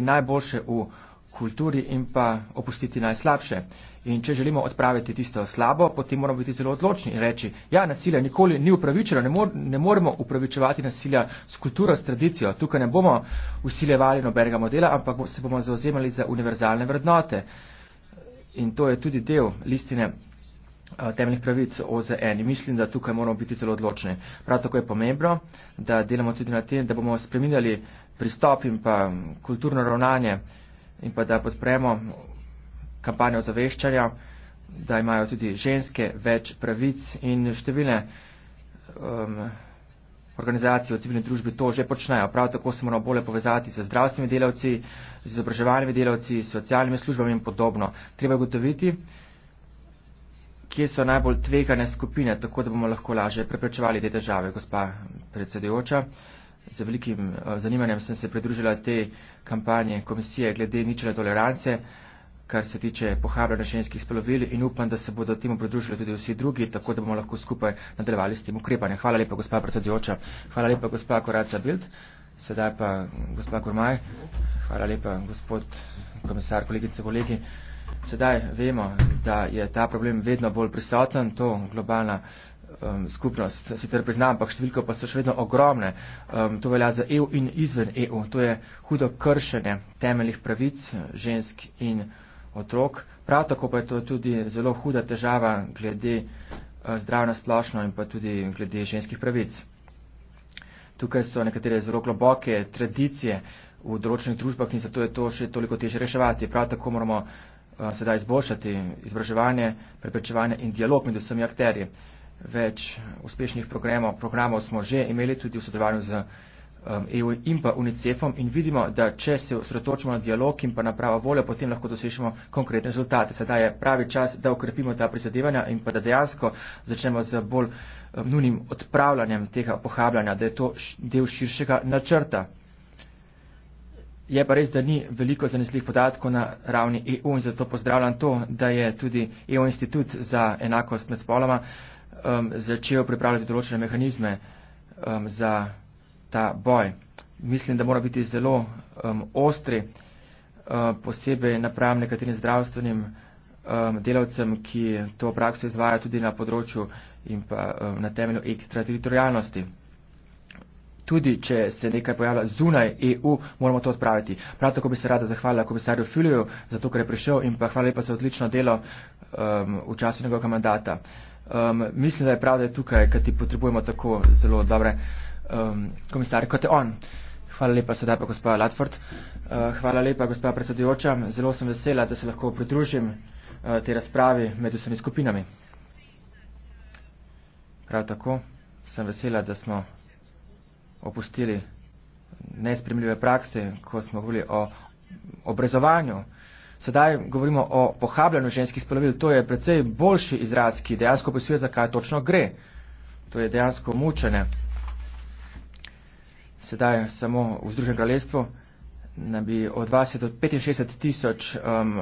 najboljše v kulturi in pa opustiti najslabše. In če želimo odpraviti tisto slabo, potem moramo biti zelo odločni in reči, ja, nasilje nikoli ni upravičeno, ne, mor ne moremo upravičevati nasilja s kulturo, s tradicijo. Tukaj ne bomo usilevali nobenega modela, ampak se bomo zauzemali za univerzalne vrednote. In to je tudi del listine temeljnih pravic OZN. Mislim, da tukaj moramo biti zelo odločni. Prav tako je pomembno, da delamo tudi na tem, da bomo spreminjali pristop in pa kulturno ravnanje in pa da podpremo kampanjo zaveščanja, da imajo tudi ženske več pravic in številne um, organizacije v civilni družbi to že počnejo. Prav tako se moramo bolje povezati z zdravstvenimi delavci, z izobraževalnimi delavci, s socialnimi službami in podobno. Treba je gotoviti, kje so najbolj tvegane skupine, tako da bomo lahko lažje preprečevali te države, gospa predsedujoča z velikim eh, zanimanjem sem se pridružila te kampanje komisije glede ničele tolerance, kar se tiče pohabljanja ženskih spolovil in upam, da se bodo temu pridružili tudi vsi drugi, tako da bomo lahko skupaj nadaljevali s tem ukrepanjem. Hvala lepa, gospa predsedujoča. Hvala lepa, gospa Koraca Bild. Sedaj pa gospa Kormaj. Hvala lepa, gospod komisar, kolegice, kolegi. Sedaj vemo, da je ta problem vedno bolj prisoten, to globalna um, skupnost sicer prizna, ampak številke pa so še vedno ogromne. Um, to velja za EU in izven EU. To je hudo kršene temeljih pravic žensk in otrok. Prav tako pa je to tudi zelo huda težava glede uh, zdrav na splošno in pa tudi glede ženskih pravic. Tukaj so nekatere zelo globoke tradicije v določenih družbah in zato je to še toliko težje reševati. Prav tako moramo uh, sedaj izboljšati izobraževanje, preprečevanje in dialog med vsemi akterji. Uh, več uspešnih programov. programov smo že imeli tudi v sodelovanju z um, EU in pa UNICEF-om in vidimo, da če se osredotočimo na dialog in pa na pravo voljo, potem lahko dosežemo konkretne rezultate. Sedaj je pravi čas, da ukrepimo ta prizadevanja in pa da dejansko začnemo z bolj um, nunim odpravljanjem tega pohabljanja, da je to del širšega načrta. Je pa res, da ni veliko zanesljih podatkov na ravni EU in zato pozdravljam to, da je tudi EU institut za enakost med spoloma uh, um, začel pripravljati določene mehanizme um, za ta boj. Mislim, da mora biti zelo um, ostri, um, posebej napram nekaterim zdravstvenim um, delavcem, ki to prakso izvaja tudi na področju in pa um, na temelju ekstrateritorijalnosti. Tudi, če se nekaj pojavlja zunaj EU, moramo to odpraviti. Prav tako bi se rada zahvalila komisarju Filiju za to, kar je prišel in pa hvala lepa za odlično delo um, v času njegovega mandata. Uh, Um, mislim, da je prav, da je tukaj, kaj ti potrebujemo tako zelo dobre um, komisarje kot je on. Hvala lepa sedaj pa gospod Latford. Uh, hvala lepa gospod predsedujoča. Zelo sem vesela, da se lahko pridružim uh, te razpravi med vsemi skupinami. Prav tako sem vesela, da smo opustili nespremljive prakse, ko smo govorili o obrazovanju sedaj govorimo o pohabljanju ženskih spolovil, to je precej boljši izraz, ki dejansko posluje, zakaj točno gre. To je dejansko mučenje. Sedaj samo v Združenem kraljestvu, da bi od 20 do 65 tisoč um,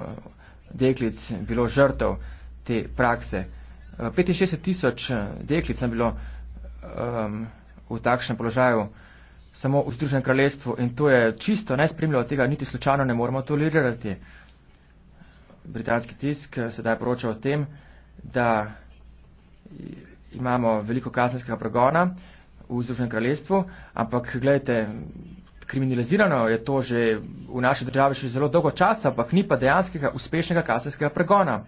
deklic bilo žrtev te prakse. 65 uh, tisoč uh, deklic je bilo um, v takšnem položaju samo v Združenem kraljestvu in to je čisto nesprimljivo, tega niti slučajno ne moremo tolerirati britanski tisk eh, sedaj poroča o tem, da imamo veliko kazenskega pregona v Združenem kraljestvu, ampak gledajte, kriminalizirano je to že v naši državi še zelo dolgo časa, ampak ni pa dejanskega uspešnega kazenskega pregona.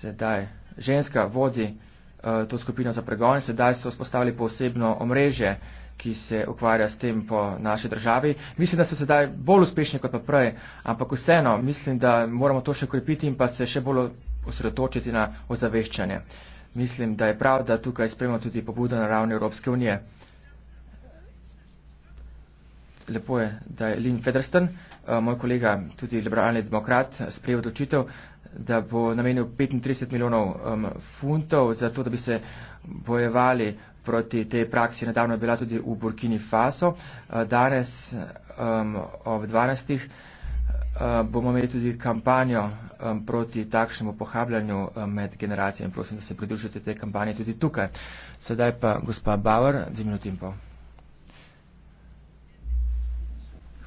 Sedaj ženska vodi. Eh, to skupino za pregon. Sedaj so spostavili posebno omrežje, ki se ukvarja s tem po naši državi. Mislim, da so sedaj bolj uspešni kot pa prej, ampak vseeno mislim, da moramo to še krepiti in pa se še bolj osredotočiti na ozaveščanje. Mislim, da je prav, da tukaj spremljamo tudi pobudo na ravni Evropske unije. Lepo je, da je Lin Federsten, eh, moj kolega, tudi liberalni demokrat, sprejel odločitev, da bo namenil 35 milijonov um, funtov za to, da bi se bojevali proti tej praksi. Nedavno je bila tudi v Burkini Faso. Uh, danes um, ob 12. Uh, bomo imeli tudi kampanjo um, proti takšnemu pohabljanju um, med generacijami. Prosim, da se pridružite tej kampanji tudi tukaj. Sedaj pa gospa Bauer, dve minuti in pol.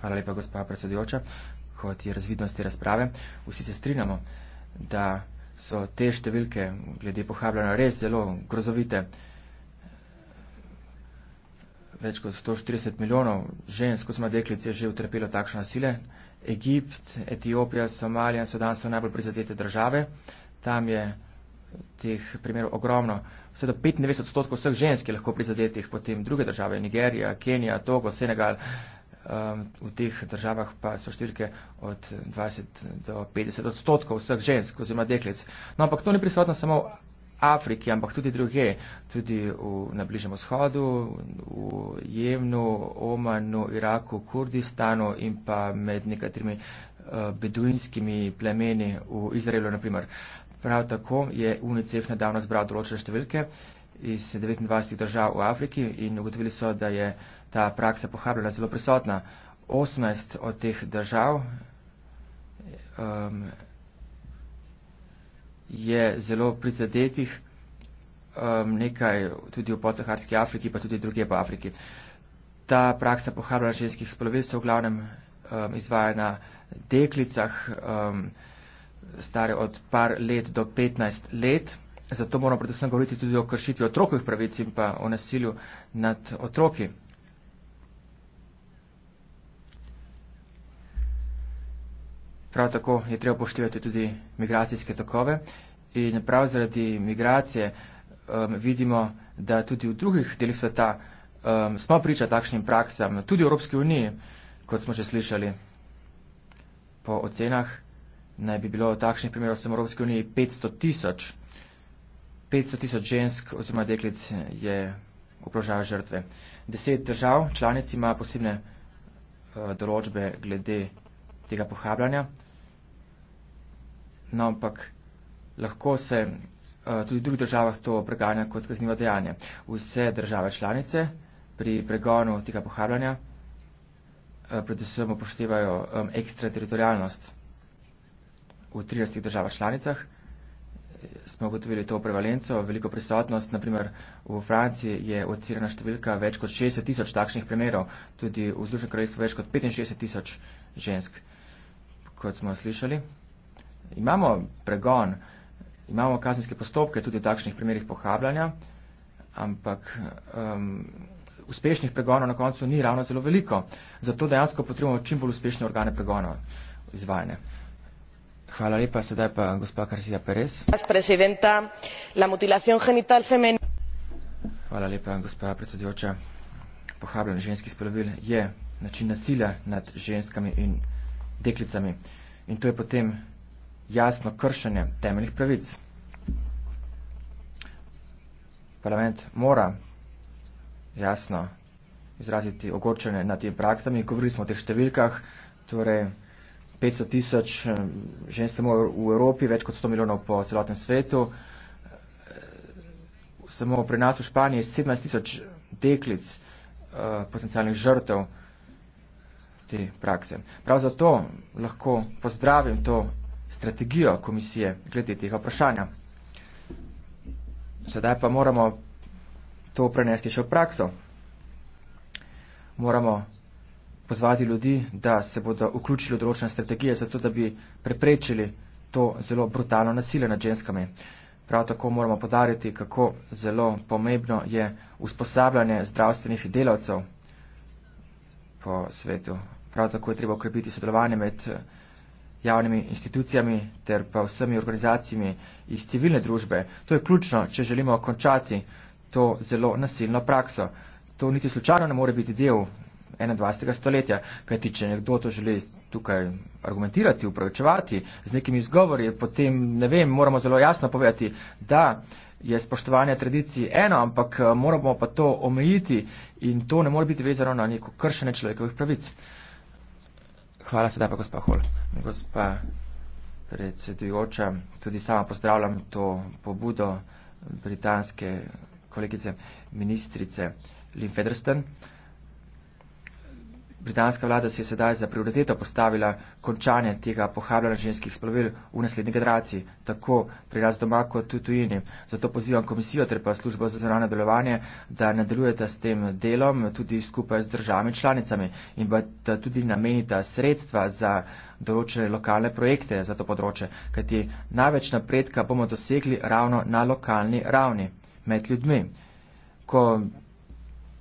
Hvala lepa, gospa predsedujoča, kot je razvidnost te razprave. Vsi se strinjamo da so te številke glede pohabljanja res zelo grozovite. Več kot 140 milijonov žensk, kot smo deklice, že utrpelo takšne nasile. Egipt, Etiopija, Somalija in Sudan so najbolj prizadete države. Tam je teh primerov ogromno. Vse do 95 odstotkov vseh žensk je lahko prizadetih, potem druge države, Nigerija, Kenija, Togo, Senegal, um, v teh državah pa so številke od 20 do 50 odstotkov vseh žensk oziroma deklic. No, ampak to ni prisotno samo v Afriki, ampak tudi druge, tudi v, na Bližnem vzhodu, v Jemnu, Omanu, Iraku, Kurdistanu in pa med nekaterimi uh, beduinskimi plemeni v Izraelu, naprimer. Prav tako je UNICEF nedavno zbral določene številke, uh, iz 29 držav v Afriki in ugotovili so, da je ta praksa pohabljala zelo prisotna. 18 od teh držav um, je zelo prizadetih, um, nekaj tudi v podsaharski Afriki, pa tudi druge po Afriki. Ta praksa pohabljala ženskih spolovil se v glavnem um, izvaja na deklicah, um, stare od par let do 15 let. Zato moramo predvsem govoriti tudi o kršitvi otrokovih pravic in pa o nasilju nad otroki. Prav tako je treba poštevati tudi migracijske tokove in prav zaradi migracije um, vidimo, da tudi v drugih delih sveta um, smo priča takšnim praksam, tudi v Evropski uniji, kot smo že slišali po ocenah, naj bi bilo takšnih primerov v Evropski uniji 500 tisoč. 500 tisoč žensk oziroma deklic je obrožala žrtve. Deset držav članic ima posebne uh, določbe glede tega pohabljanja. No, ampak lahko se uh, tudi v drugih državah to preganja kot kaznivo dejanje. Vse države članice pri pregonu tega pohabljanja uh, predvsem upoštevajo um, ekstrateritorialnost v 30 državah članicah smo ugotovili to prevalenco, veliko prisotnost. Naprimer, v Franciji je ocirana številka več kot 60 tisoč takšnih primerov, tudi v Združenem kraljestvu več kot 65 tisoč žensk, kot smo slišali. Imamo pregon, imamo kazenske postopke tudi v takšnih primerih pohabljanja, ampak um, uspešnih pregonov na koncu ni ravno zelo veliko. Zato dejansko potrebujemo čim bolj uspešne organe pregonov izvajanja. Hvala lepa. Sedaj pa gospa Karsija Perez. Hvala lepa, gospa predsedujoča. Pohabljen ženski spolovil je način nasilja nad ženskami in deklicami. In to je potem jasno kršenje temeljih pravic. Parlament mora jasno izraziti ogorčenje nad tem praksami. Govorili smo o teh številkah, torej 500 tisoč eh, žen samo v Evropi, več kot 100 milijonov po celotnem svetu. Eh, samo pri nas v Španiji je 17 tisoč deklic eh, potencijalnih žrtev te prakse. Prav zato lahko pozdravim to strategijo komisije glede tega vprašanja. Sedaj pa moramo to prenesti še v prakso. Moramo pozvati ljudi, da se bodo vključili v določene strategije, zato da bi preprečili to zelo brutalno nasilje nad ženskami. Prav tako moramo podariti, kako zelo pomembno je usposabljanje zdravstvenih delavcev po svetu. Prav tako je treba ukrepiti sodelovanje med eh, javnimi institucijami ter pa vsemi organizacijami iz civilne družbe. To je ključno, če želimo končati to zelo nasilno prakso. To niti slučajno ne more biti del 21. stoletja. Kajti, če nekdo to želi tukaj argumentirati, upravičevati z nekimi izgovori, potem ne vem, moramo zelo jasno povedati, da je spoštovanje tradicij eno, ampak eh, moramo pa to omejiti in to ne more biti vezano na neko kršene človekovih pravic. Hvala sedaj pa gospa Hol. Gospa predsedujoča, tudi sama pozdravljam to pobudo britanske kolegice ministrice Lynn Federsten. Uh, britanska vlada se je sedaj za prioriteto postavila končanje tega pohabljanja ženskih splavil v naslednji generaciji, tako pri nas doma kot tudi tujini. Zato pozivam komisijo ter pa službo za zanane delovanje, da nadaljujete s tem delom tudi skupaj z državami članicami in da tudi namenite sredstva za določene lokalne projekte za to področje, kajti največ napredka bomo dosegli ravno na lokalni ravni med ljudmi. Ko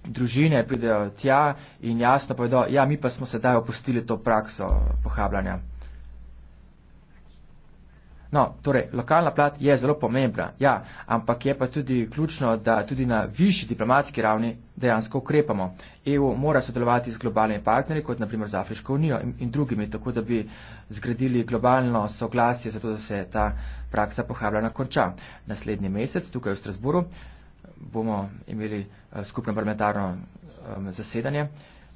družine pridejo tja in jasno povedo, ja, mi pa smo sedaj opustili to prakso pohabljanja. No, torej, lokalna plat je zelo pomembna, ja, ampak je pa tudi ključno, da tudi na višji diplomatski ravni dejansko ukrepamo. EU mora sodelovati z globalnimi partnerji, kot naprimer z Afriško unijo in, in drugimi, tako da bi zgradili globalno soglasje za to, da se ta praksa pohabljena konča. Naslednji mesec, tukaj v Strasburu, bomo imeli eh, skupno parlamentarno eh, zasedanje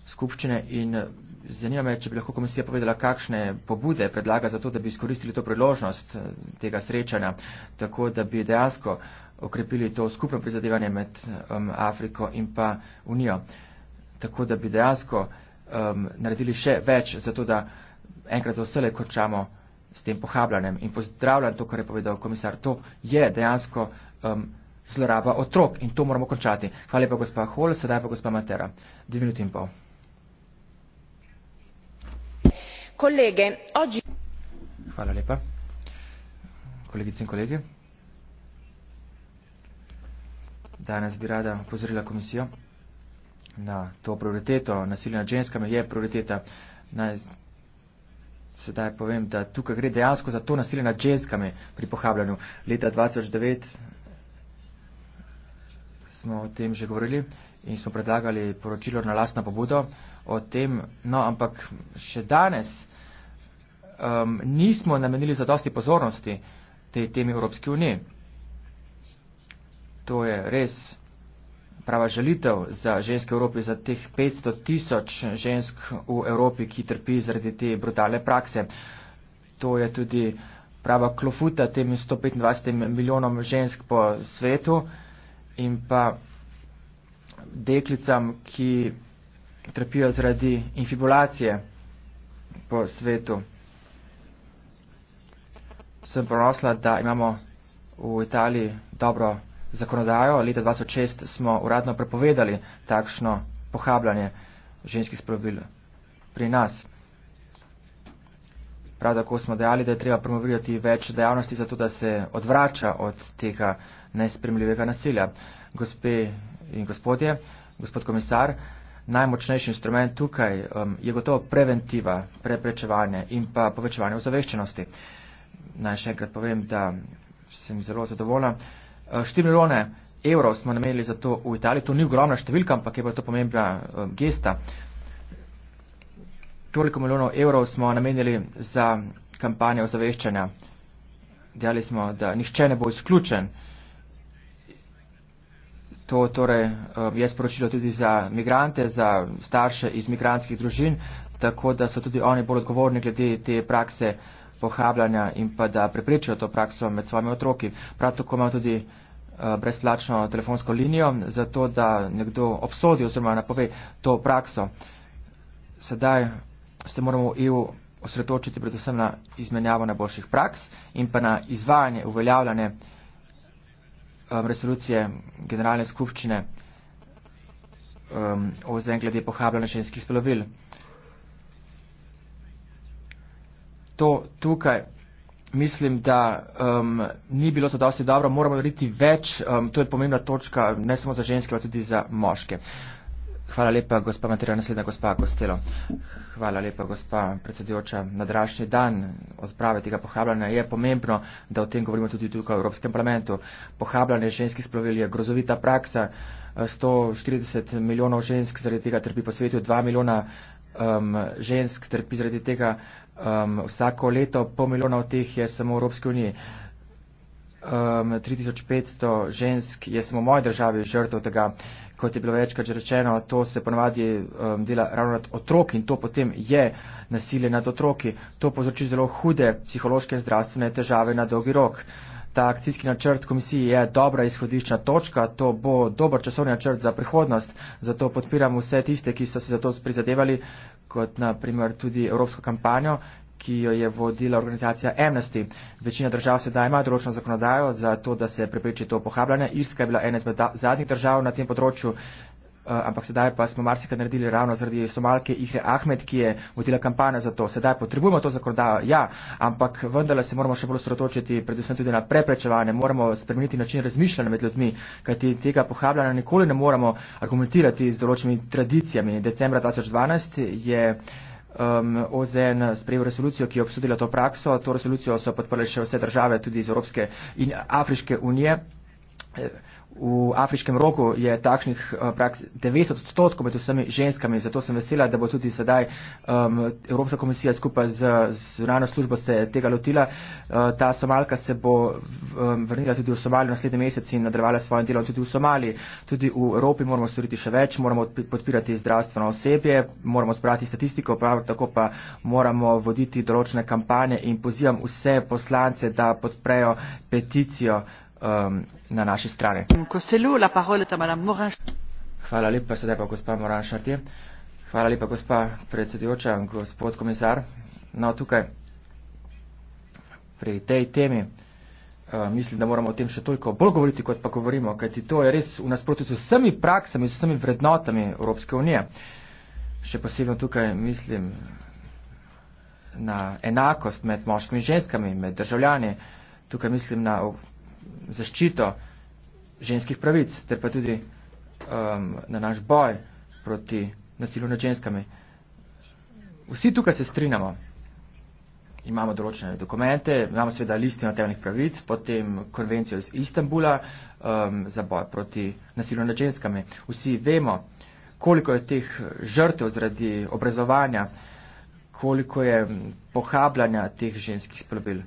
skupščine in eh, zanima me, če bi lahko komisija povedala, kakšne pobude predlaga za to, da bi izkoristili to priložnost tega srečanja, tako da bi dejansko okrepili to skupno prizadevanje med Afriko in pa Unijo, tako da bi dejansko um, naredili še več za to, da enkrat za vse le končamo s tem pohabljanjem. In pozdravljam to, kar je povedal komisar. To je dejansko. Um, zloraba otrok in to moramo končati. Hvala lepa, gospa Hol, sedaj pa gospa Matera. Dve minuti in pol. Kolege, oči... Hvala lepa. Kolegice in kolege. Danes bi rada upozorila komisijo na to prioriteto. Nasilje nad ženskami je prioriteta. Naj sedaj povem, da tukaj gre dejansko za to nasilje nad ženskami pri pohabljanju. Leta 2009 smo o tem že govorili in smo predlagali poročilo na lasno pobudo o tem. No, ampak še danes um, nismo namenili zadosti pozornosti tej temi Evropske unije. To je res prava želitev za ženske v Evropi, za teh 500 tisoč žensk v Evropi, ki trpi zaradi te brutalne prakse. To je tudi prava klofuta tem 125 milijonom žensk po svetu in pa deklicam, ki trpijo zaradi infibulacije po svetu. Sem ponosla, da imamo v Italiji dobro zakonodajo. Leta 2006 smo uradno prepovedali takšno pohabljanje ženskih spravil pri nas. Prav tako smo dejali, da je treba promovirati več dejavnosti, zato da se odvrača od tega nespremljivega nasilja. Gospe in gospodje, gospod komisar, najmočnejši instrument tukaj um, je gotovo preventiva, preprečevanje in pa povečevanje ozaveščenosti. Naj še enkrat povem, da sem zelo zadovoljna. Uh, štiri milijone evrov smo namenili za to v Italiji. To ni ogromna številka, ampak je pa to pomembna um, gesta toliko milijonov evrov smo namenili za kampanjo ozaveščanja. Dejali smo, da nihče ne bo izključen. To torej eh, je sporočilo tudi za migrante, za starše iz migranskih družin, tako da so tudi oni bolj odgovorni glede te prakse pohabljanja in pa da preprečijo to prakso med svojimi otroki. Prav tako imamo tudi eh, brezplačno telefonsko linijo, zato da nekdo obsodi oziroma napove to prakso. Sedaj se moramo v EU osredotočiti predvsem na izmenjavo najboljših praks in pa na izvajanje, uveljavljanje um, resolucije Generalne skupščine um, o vzem glede pohabljanja ženskih spolovil. To tukaj mislim, da um, ni bilo za dosti dobro, moramo narediti več, um, to je pomembna točka ne samo za ženske, pa tudi za moške. Hvala lepa, gospa Matera, naslednja gospa Kostelo. Hvala lepa, gospa predsedujoča. Na drašnji dan odprave tega pohabljanja je pomembno, da o tem govorimo tudi tukaj v Evropskem parlamentu. Pohabljanje ženskih splovil je grozovita praksa. 140 milijonov žensk zaradi tega trpi po svetu, 2 milijona um, žensk trpi zaradi tega um, vsako leto, pol milijona od teh je samo v Evropski uniji um, 3500 žensk je samo v moji državi žrtov tega, kot je bilo večkrat že rečeno, to se ponavadi um, dela ravno nad otroki in to potem je nasilje nad otroki. To povzroči zelo hude psihološke zdravstvene težave na dolgi rok. Ta akcijski načrt komisiji je dobra izhodiščna točka, to bo dober časovni načrt za prihodnost, zato podpiram vse tiste, ki so se za to prizadevali, kot naprimer tudi evropsko kampanjo, ki jo je vodila organizacija Amnesty. Večina držav sedaj ima določeno zakonodajo za to, da se prepreči to pohabljanje. Irska je bila ena izmed zadnjih držav na tem področju, eh, ampak sedaj pa smo marsikaj naredili ravno zaradi somalke Ihre Ahmed, ki je vodila kampanjo za to. Sedaj potrebujemo to zakonodajo, ja, ampak vendarle se moramo še bolj sredotočiti predvsem tudi na preprečevanje, moramo spremeniti način razmišljanja med ljudmi, kajti tega pohabljanja nikoli ne moramo argumentirati z določenimi tradicijami. Decembra 2012 je um, OZN sprejel resolucijo, ki je obsodila to prakso. To resolucijo so podprle še vse države, tudi iz Evropske in Afriške unije. E, V afriškem roku je takšnih eh, praks 90 odstotkov med vsemi ženskami, zato sem vesela, da bo tudi sedaj um, Evropska komisija skupaj z zunano službo se tega lotila. Uh, ta somalka se bo um, vrnila tudi v Somalijo naslednji mesec in nadaljevala svoje delo tudi v Somaliji. Tudi v Evropi moramo storiti še več, moramo podpirati zdravstveno osebje, moramo sprati statistiko, prav tako pa moramo voditi določene kampanje in pozivam vse poslance, da podprejo peticijo. Uh, um, na naši strani. Hvala lepa, sedaj pa gospa Moran Šartje. Hvala lepa, gospa predsedujoča, gospod komisar. No, tukaj pri tej temi uh, mislim, da moramo o tem še toliko bolj govoriti, kot pa govorimo, kajti to je res v nasprotju z vsemi praksami, z vsemi vrednotami Evropske unije. Še posebno tukaj mislim na enakost med moškimi in ženskami, med državljani. Tukaj mislim na zaščito ženskih pravic, ter pa tudi um, na naš boj proti nasilju nad ženskami. Vsi tukaj se strinjamo. Imamo določene dokumente, imamo seveda listino temeljnih pravic, potem konvencijo iz Istanbula um, za boj proti nasilju nad ženskami. Vsi vemo, koliko je teh žrtev zaradi obrazovanja, koliko je pohabljanja teh ženskih spolobil.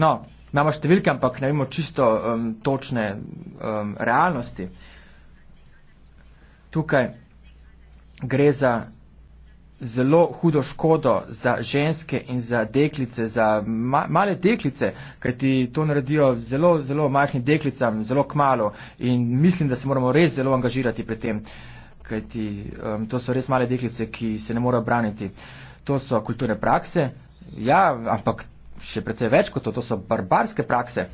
No, imamo številke, ampak ne vemo čisto um, točne um, realnosti. Tukaj gre za zelo hudo škodo za ženske in za deklice, za ma male deklice, kaj ti to naredijo zelo, zelo majhnim deklicam, zelo kmalo in mislim, da se moramo res zelo angažirati pri tem, kaj ti um, to so res male deklice, ki se ne morejo braniti. To so kulturne prakse, ja, ampak še precej več kot to, to so barbarske prakse.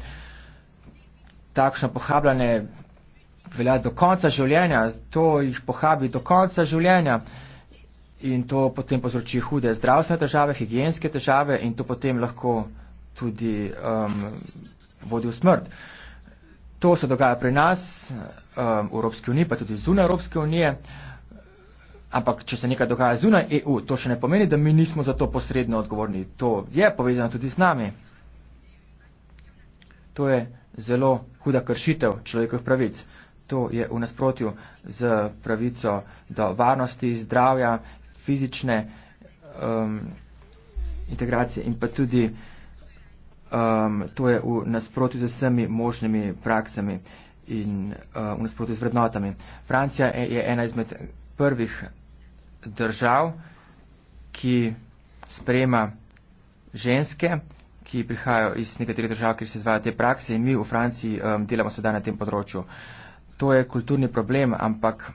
Takšno pohabljanje velja do konca življenja, to jih pohabi do konca življenja in to potem povzroči hude zdravstvene težave, higijenske težave in to potem lahko tudi um, vodi v smrt. To se dogaja pri nas, um, v Evropski uniji, pa tudi zunaj Evropske unije. Uh, Ampak, če se nekaj dogaja zunaj EU, to še ne pomeni, da mi nismo za to posredno odgovorni. To je povezano tudi z nami. To je zelo huda kršitev človekovih pravic. To je v nasprotju z pravico do varnosti, zdravja, fizične um, integracije in pa tudi um, to je v nasprotju z vsemi možnimi praksami in uh, v nasprotju z vrednotami. Francija je ena izmed prvih držav, ki sprejema ženske, ki prihajajo iz nekaterih držav, kjer se izvaja te prakse in mi v Franciji um, delamo sedaj na tem področju. To je kulturni problem, ampak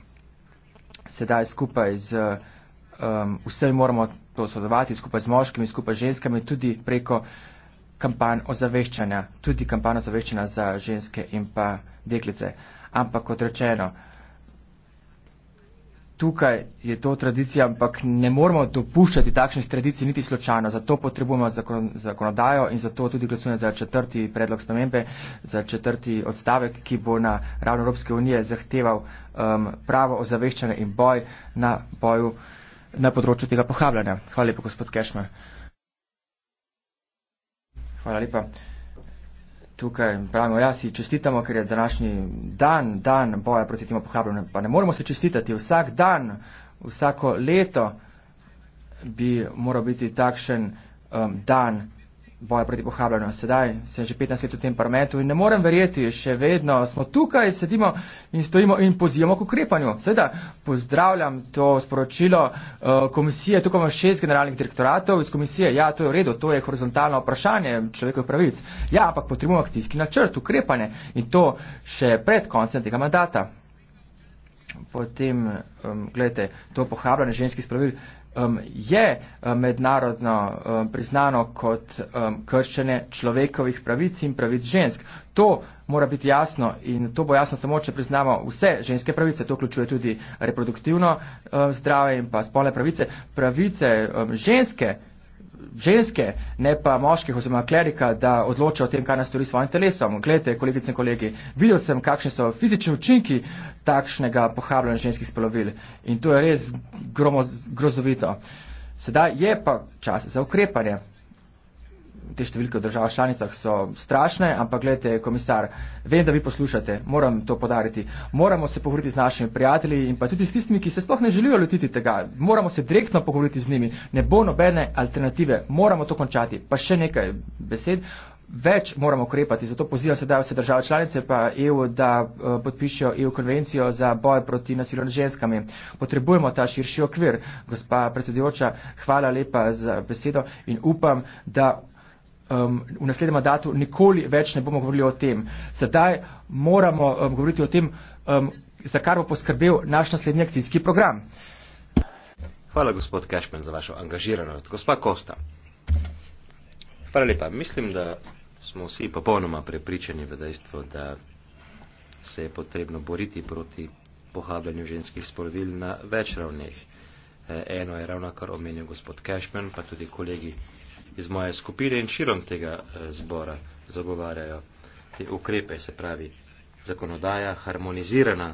sedaj skupaj z um, vsemi moramo to sodelovati, skupaj z moškimi, skupaj z ženskami, tudi preko kampanj ozaveščanja, tudi kampanj ozaveščanja za ženske in pa deklice. Ampak kot rečeno, tukaj je to tradicija, ampak ne moramo dopuščati takšnih tradicij niti slučajno. Zato potrebujemo zakon, zakonodajo in zato tudi glasujem za četrti predlog spremembe, za četrti odstavek, ki bo na ravno Evropske unije zahteval um, pravo ozaveščanje in boj na boju na področju tega pohabljanja. Hvala lepa, gospod Kešma. Hvala lepa tukaj pravimo, ja, si čestitamo, ker je današnji dan, dan boja proti tem pohabljenim, pa ne moremo se čestitati. Vsak dan, vsako leto bi moral biti takšen um, dan boja proti pohabljanju. Sedaj sem že 15 let v tem parlamentu in ne morem verjeti, še vedno smo tukaj, sedimo in stojimo in pozivamo k ukrepanju. Seveda pozdravljam to sporočilo uh, komisije, tukaj imamo šest generalnih direktoratov iz komisije. Ja, to je v redu, to je horizontalno vprašanje človekovih pravic. Ja, ampak potrebujemo akcijski načrt ukrepanje in to še pred koncem tega mandata. Potem, um, gledajte, to pohabljanje ženskih spravil. Uh, um, je uh, mednarodno um, priznano kot um, kršene človekovih pravic in pravic žensk. To mora biti jasno in to bo jasno samo, če priznamo vse ženske pravice, to vključuje tudi reproduktivno um, zdrave in pa spolne pravice. Pravice um, ženske ženske, ne pa moških oziroma klerika, da odloča o tem, kaj nas stori s svojim telesom. Glejte, kolegice in kolegi, videl sem, kakšni so fizični učinki takšnega pohabljanja ženskih spolovil in to je res gromo, grozovito. Sedaj je pa čas za ukrepanje te številke v državah članicah so strašne, ampak gledajte, komisar, vem, da vi poslušate, moram to podariti, moramo se pogovoriti z našimi prijatelji in pa tudi s tistimi, ki se sploh ne želijo lotiti tega, moramo se direktno pogovoriti z njimi, ne bo nobene alternative, moramo to končati. Pa še nekaj besed, več moramo ukrepati, zato pozivam sedaj vse države članice pa EU, da eh, podpišijo EU konvencijo za boj proti nasilju nad ženskami. Potrebujemo ta širši okvir. Gospa predsedujoča, hvala lepa za besedo in upam, da um, v naslednjem mandatu nikoli več ne bomo govorili o tem. Sedaj moramo um, govoriti o tem, um, za kar bo poskrbel naš naslednji akcijski program. Hvala, gospod Kešpen, za vašo angažiranost. Gospa Kosta. Hvala lepa. Mislim, da smo vsi popolnoma prepričani v dejstvo, da se je potrebno boriti proti pohabljanju ženskih spolovil na več ravneh. Eh, eno je ravno kar omenil gospod Kešpen, pa tudi kolegi iz moje skupine in širom tega eh, zbora zagovarjajo te ukrepe, se pravi zakonodaja, harmonizirana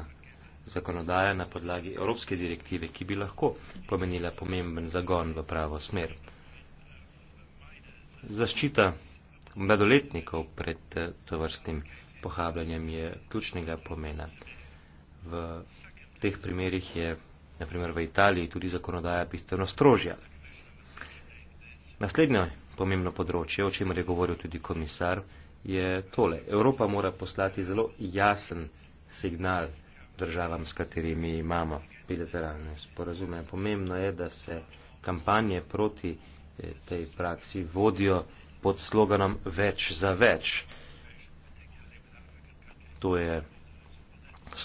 zakonodaja na podlagi evropske direktive, ki bi lahko pomenila pomemben zagon v pravo smer. Zaščita mladoletnikov pred eh, tovrstnim pohabljanjem je ključnega pomena. V teh primerih je, na primer v Italiji, tudi zakonodaja bistveno strožja. Naslednje pomembno področje, o čemer je govoril tudi komisar, je tole. Evropa mora poslati zelo jasen signal državam, s katerimi imamo bilateralne sporazume. Pomembno je, da se kampanje proti eh, tej praksi vodijo pod sloganom več za več. To je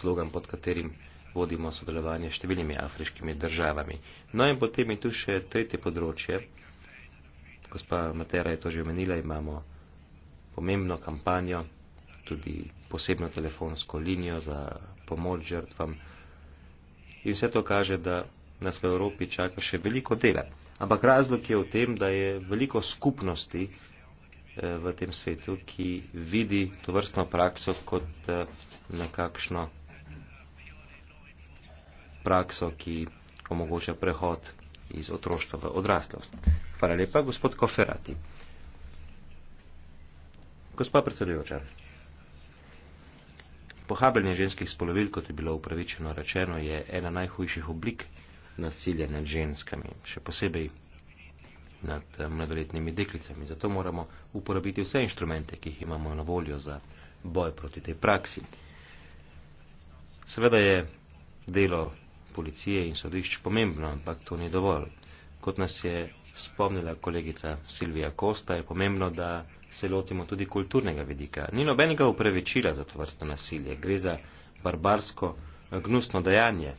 slogan, pod katerim vodimo sodelovanje s številnimi afriškimi državami. No in potem je tu še tretje področje gospa Matera je to že omenila, imamo pomembno kampanjo, tudi posebno telefonsko linijo za pomoč žrtvam. In vse to kaže, da nas v Evropi čaka še veliko dela. Ampak razlog je v tem, da je veliko skupnosti eh, v tem svetu, ki vidi to vrstno prakso kot eh, nekakšno prakso, ki omogoča prehod iz otroštva v odraslost. Hvala lepa, gospod Koferati. Gospa predsedujoča, pohabljanje ženskih spolovil, kot je bilo upravičeno rečeno, je ena najhujših oblik nasilja nad ženskami, še posebej nad eh, mladoletnimi deklicami. Zato moramo uporabiti vse inštrumente, ki jih imamo na voljo za boj proti tej praksi. Seveda je delo policije in sodišč pomembno, ampak to ni dovolj. Kot nas je spomnila kolegica Silvija Kosta, je pomembno, da se lotimo tudi kulturnega vidika. Ni nobenega upravičila za to vrsto nasilje. Gre za barbarsko, gnusno dejanje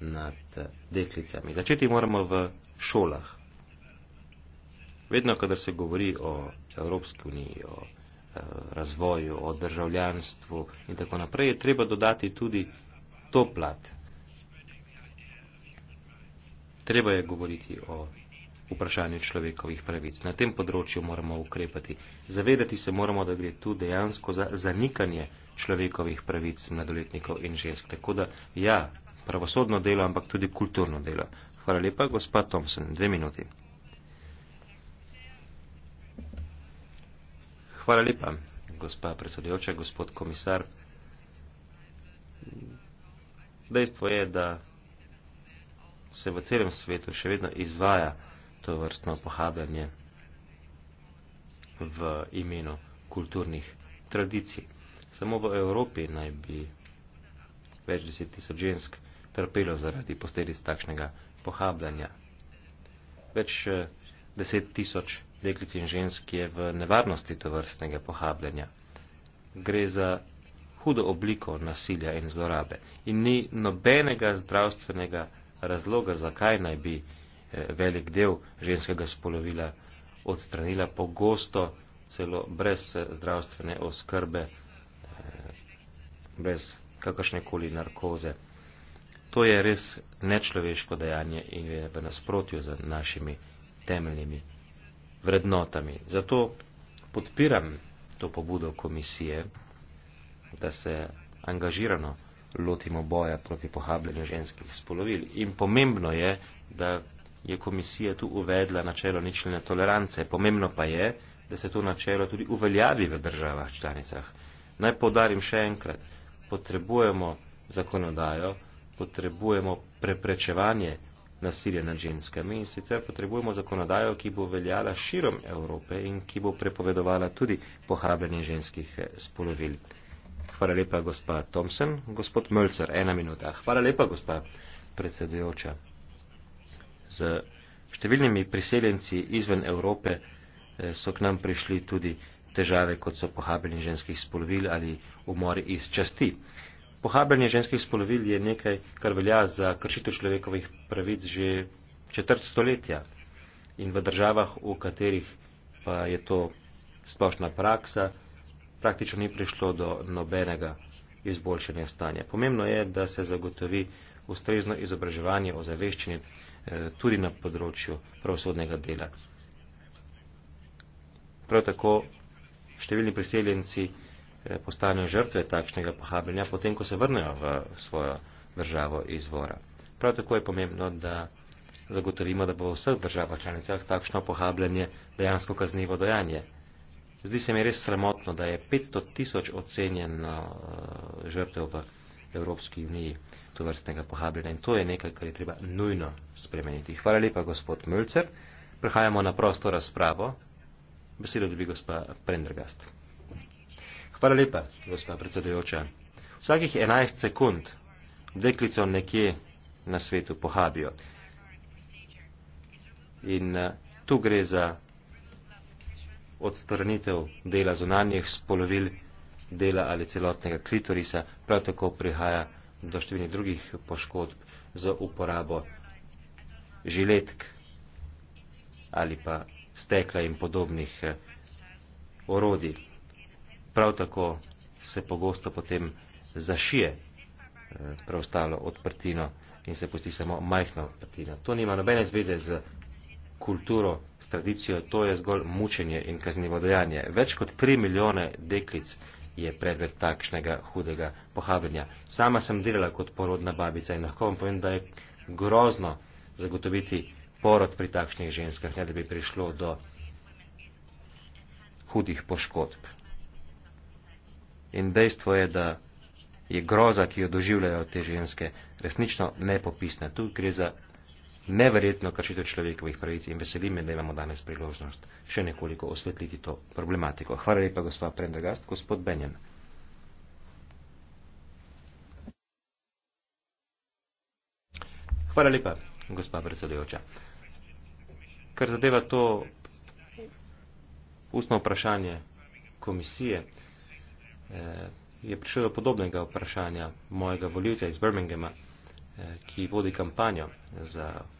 nad deklicami. Začeti moramo v šolah. Vedno, kadar se govori o Evropski uniji, o eh, razvoju, o državljanstvu in tako naprej, je treba dodati tudi to plat. Treba je govoriti o vprašanju človekovih pravic. Na tem področju moramo ukrepati. Zavedati se moramo, da gre tu dejansko za zanikanje človekovih pravic mladoletnikov in žensk. Tako da, ja, pravosodno delo, ampak tudi kulturno delo. Hvala lepa, gospa Thompson. Dve minuti. Hvala lepa, gospa predsedujoča, gospod komisar. Dejstvo je, da se v celem svetu še vedno izvaja to vrstno pohabljanje v imenu kulturnih tradicij. Samo v Evropi naj bi več deset tisoč žensk trpelo zaradi posledic takšnega pohabljanja. Več eh, deset tisoč deklic in žensk je v nevarnosti to vrstnega pohabljanja. Gre za hudo obliko nasilja in zlorabe. In ni nobenega zdravstvenega razloga, zakaj naj bi velik del ženskega spolovila odstranila, pogosto celo brez eh, zdravstvene oskrbe, eh, brez kakršnekoli narkoze. To je res nečloveško dejanje in je v nasprotju z našimi temeljnimi vrednotami. Zato podpiram to pobudo komisije, da se angažirano lotimo boja proti pohabljenju ženskih spolovil. In pomembno je, da je komisija tu uvedla načelo ničelne tolerance. Pomembno pa je, da se to načelo tudi uveljavi v državah članicah. Naj podarim še enkrat, potrebujemo zakonodajo, potrebujemo preprečevanje nasilja nad ženskami in sicer potrebujemo zakonodajo, ki bo veljala širom Evrope in ki bo prepovedovala tudi pohabljanje ženskih eh, spolovil. Hvala lepa, gospa Thompson. Gospod Mölcer, ena minuta. Hvala lepa, gospa predsedujoča z številnimi priseljenci izven Evrope eh, so k nam prišli tudi težave, kot so pohabljenje ženskih spolovil ali umori iz časti. Pohabljenje ženskih spolovil je nekaj, kar velja za kršitev človekovih pravic že četrt stoletja in v državah, v katerih pa je to splošna praksa, praktično ni prišlo do nobenega izboljšanja stanja. Pomembno je, da se zagotovi ustrezno izobraževanje o zaveščenju Eh, tudi na področju pravosodnega dela. Prav tako številni priseljenci eh, postanejo žrtve takšnega pohabljanja, potem ko se vrnejo v svojo državo izvora. Prav tako je pomembno, da zagotovimo, da bo v vseh državah članicah takšno pohabljanje dejansko kaznivo dojanje. Zdi se mi res sramotno, da je 500 tisoč ocenjeno eh, žrtev v Evropski uniji to vrstnega pohabljena in to je nekaj, kar je treba nujno spremeniti. Hvala lepa, gospod Mölcer. Prehajamo na prosto razpravo. Besedo dobi gospa Prendergast. Hvala lepa, gospa predsedujoča. Vsakih 11 sekund deklico nekje na svetu pohabijo. In eh, tu gre za odstranitev dela zunanjih spolovil dela ali celotnega klitorisa, prav tako prihaja do številnih drugih poškodb za uporabo žiletk ali pa stekla in podobnih eh, orodij. Prav tako se pogosto potem zašije eh, preostalo odprtino in se pusti samo majhna odprtina. To nima nobene zveze z kulturo, s tradicijo, to je zgolj mučenje in kaznivo dejanje. Več kot 3 milijone deklic je predmet takšnega hudega pohabljenja. Sama sem delala kot porodna babica in lahko vam povem, da je grozno zagotoviti porod pri takšnih ženskah, ne da bi prišlo do hudih poškodb. In dejstvo je, da je groza, ki jo doživljajo te ženske, resnično nepopisna. Tu gre za neverjetno kršitev človekovih pravic in veselim me, da imamo danes priložnost še nekoliko osvetliti to problematiko. Hvala lepa, gospod Prendergast, gospod Benjen. Hvala lepa, gospod predsedujoča. Kar zadeva to ustno vprašanje komisije, eh, je prišlo do podobnega vprašanja mojega voljivca iz Birminghama, eh, ki vodi kampanjo za vprašanje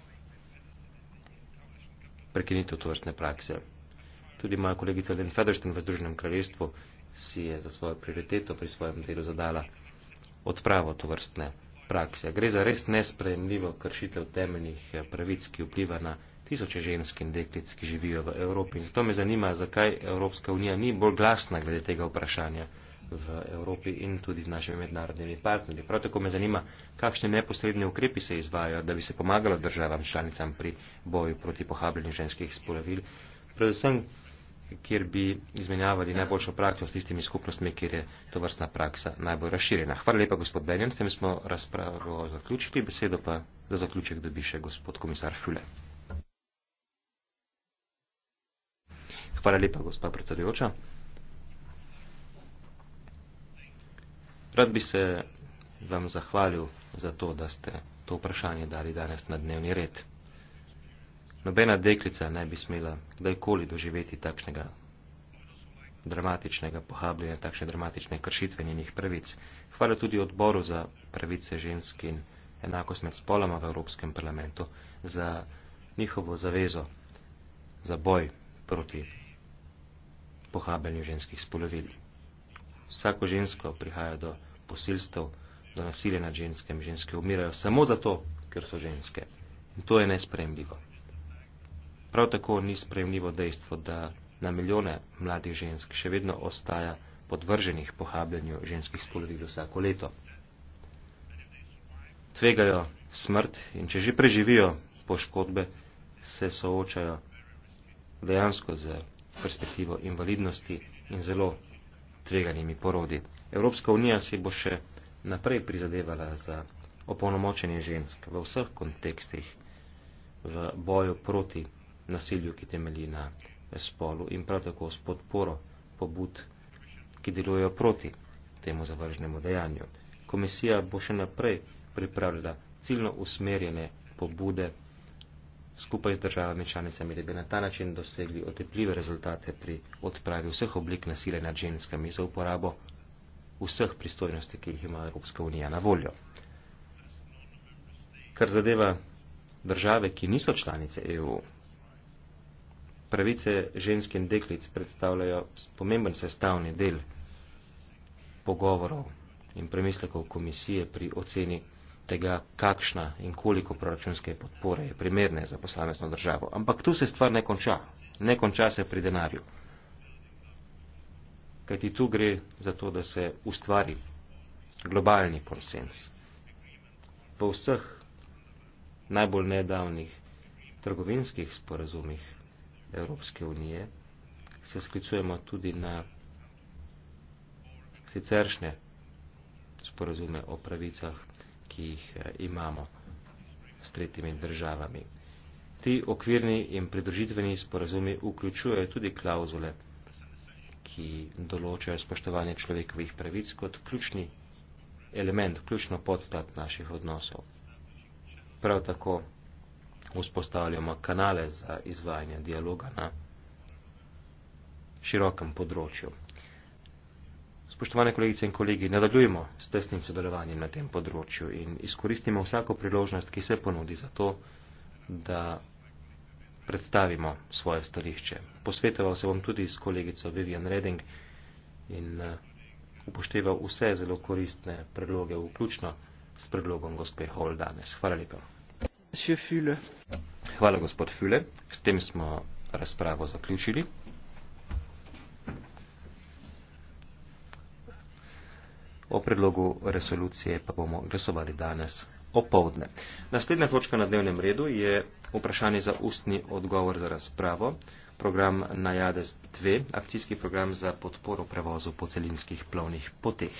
prekinitev tovrstne prakse. Tudi moja kolegica Len Federsten v Združenem kraljestvu si je za svojo prioriteto pri svojem delu zadala odpravo tovrstne prakse. Gre za res nesprejemljivo kršitev temeljnih pravic, ki vpliva na tisoče žensk in deklic, ki živijo v Evropi. In zato me zanima, zakaj Evropska unija ni bolj glasna glede tega vprašanja v Evropi in tudi z našimi mednarodnimi partnerji. Prav tako me zanima, kakšne neposredne ukrepi se izvajajo, da bi se pomagalo državam članicam pri boju proti pohabljenju ženskih spolovil, predvsem, kjer bi izmenjavali najboljšo prakso s tistimi skupnostmi, kjer je to vrstna praksa najbolj razširjena. Hvala lepa, gospod Benjan, s tem smo razpravo zaključili, besedo pa za zaključek dobi še gospod komisar Šule. Hvala lepa, gospod predsedujoča. Rad bi se vam zahvalil za to, da ste to vprašanje dali danes na dnevni red. Nobena deklica ne bi smela kdajkoli doživeti takšnega dramatičnega pohabljanja, takšne dramatične kršitve njenih pravic. Hvala tudi odboru za pravice žensk in enakost med spoloma v Evropskem parlamentu za njihovo zavezo za boj proti pohabljanju ženskih spolovilj. Vsako žensko prihaja do posilstev, do nasilja nad ženskem. Ženske umirajo samo zato, ker so ženske. In to je nespremljivo. Prav tako ni spremljivo dejstvo, da na milijone mladih žensk še vedno ostaja podvrženih pohabljanju ženskih spolovil vsako leto. Tvegajo smrt in če že preživijo poškodbe, se soočajo dejansko z perspektivo invalidnosti in zelo tveganimi porodi. Evropska unija si bo še naprej prizadevala za opolnomočenje žensk v vseh kontekstih v boju proti nasilju, ki temelji na spolu in prav tako s podporo pobud, ki delujejo proti temu zavržnemu dejanju. Komisija bo še naprej pripravljala ciljno usmerjene pobude skupaj z državami članicami, da bi na ta način dosegli otepljive rezultate pri odpravi vseh oblik nasilja nad ženskami za uporabo vseh pristojnosti, ki jih ima Evropska unija na voljo. Kar zadeva države, ki niso članice EU, pravice žensk in deklic predstavljajo pomemben sestavni del pogovorov in premislekov komisije pri oceni tega, kakšna in koliko proračunske podpore je primerne za posamezno državo. Ampak tu se stvar ne konča. Ne konča se pri denarju. Kajti tu gre za to, da se ustvari globalni konsens. V vseh najbolj nedavnih trgovinskih sporazumih Evropske unije se sklicujemo tudi na siceršnje sporazume o pravicah ki jih eh, imamo s tretjimi državami. Ti okvirni in pridružitveni sporazumi vključujejo tudi klauzule, ki določajo spoštovanje človekovih pravic kot ključni element, ključno podstat naših odnosov. Prav tako vzpostavljamo kanale za izvajanje dialoga na širokem področju. Spoštovane kolegice in kolegi, nadaljujmo s tesnim sodelovanjem na tem področju in izkoristimo vsako priložnost, ki se ponudi za to, da predstavimo svoje stališče. Posvetoval se bom tudi s kolegico Vivian Reding in eh, upošteval vse zelo koristne predloge, vključno s predlogom gospe Hall danes. Hvala lepa. Hvala gospod Füle. S tem smo razpravo zaključili. O predlogu resolucije pa bomo glasovali danes opovdne. Naslednja točka na dnevnem redu je vprašanje za ustni odgovor za razpravo. Program Najades 2, akcijski program za podporo prevozu po celinskih plovnih poteh.